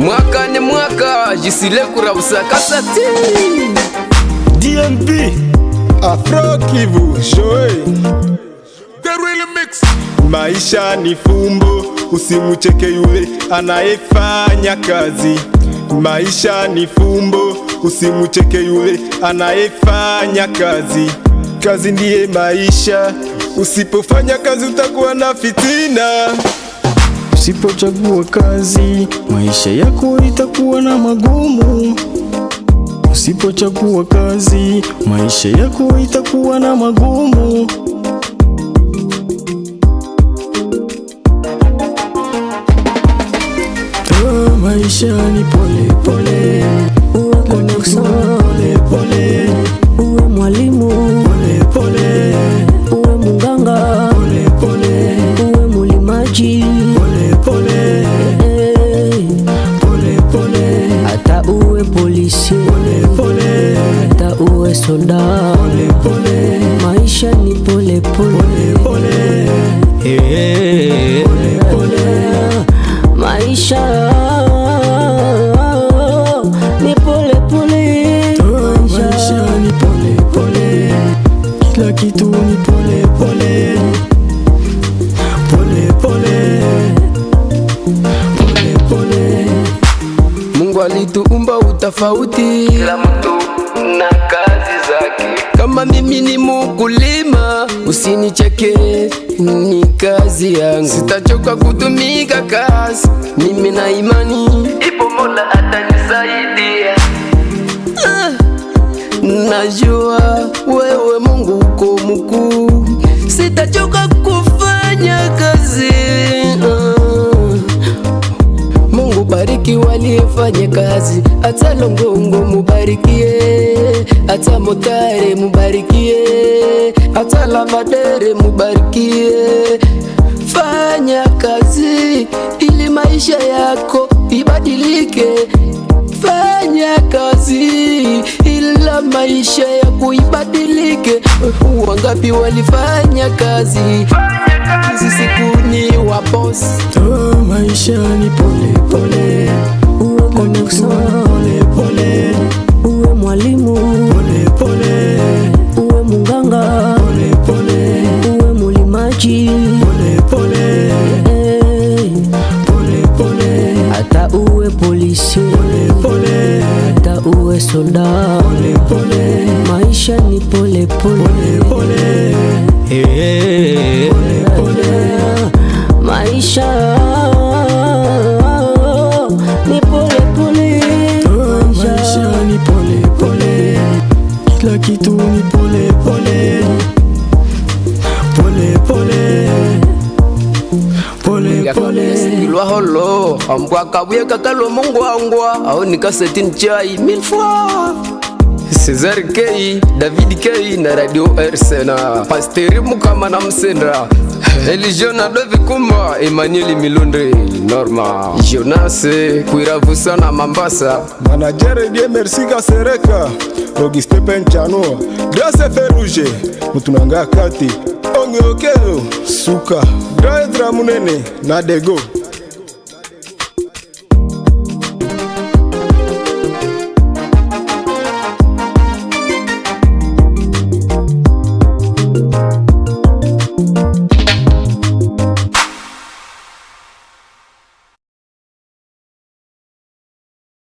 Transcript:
mwaka ni mwaka jisile kurausa kasati DNB Afro Kivu Joy The real mix Maisha ni fumbo usimucheke yule anayefanya kazi Maisha ni fumbo usimucheke yule anayefanya kazi kazi ndiye maisha usipofanya kazi utakuwa na fitina Usipochagua kazi, maisha yako itakuwa na magumu. Usipochagua kazi, maisha yako itakuwa na magumu. Oh, maisha ni pole pole, uone kitu ni pole pole, pole pole, pole pole. Mungu alituumba utafauti, kila mtu na kazi zake. Kama mimi ni mukulima, usinicheke, ni kazi yangu. Sitachoka kutumika kazi, mimi na imani ipo Mola atanisaidia. Ah, najua mkuu, sitachoka kufanya kazi. Uh. Mungu bariki waliyefanya kazi, hata Longongo mubarikie, hata Motare mubarikie, hata Lamadere mubarikie. Fanya kazi ili maisha yako ibadilike. Fanya kazi ila maisha yako ibadilike wangapi walifanya kazi hizi siku ni wa boss. Oh, maisha ni pole pole, uwe kondukta pole pole, uwe mwalimu pole pole, uwe munganga pole pole, uwe mulimaji pole pole, hey, pole pole, hata uwe polisi pole pole, hata uwe soldat pole pole maisha ni pole pole, pole, pole. Pole, eh, eh, pole. Maisha pole pole, maisha ni pole pole, kakalo mungwangwa au nikaseti nchai mille fois Cesar K, David K na Radio Ersena, Pasteri Mukama na Msendra, Eligion Adove Kumba, Emmanuel Milondre, Norma, Jonas Kuiravusa na Mambasa, Manager Die Merci Kasereka, Rogi Stepen Grace Feruje, Mutunanga Kati, ongeokeo Suka, Daedra Munene na Dego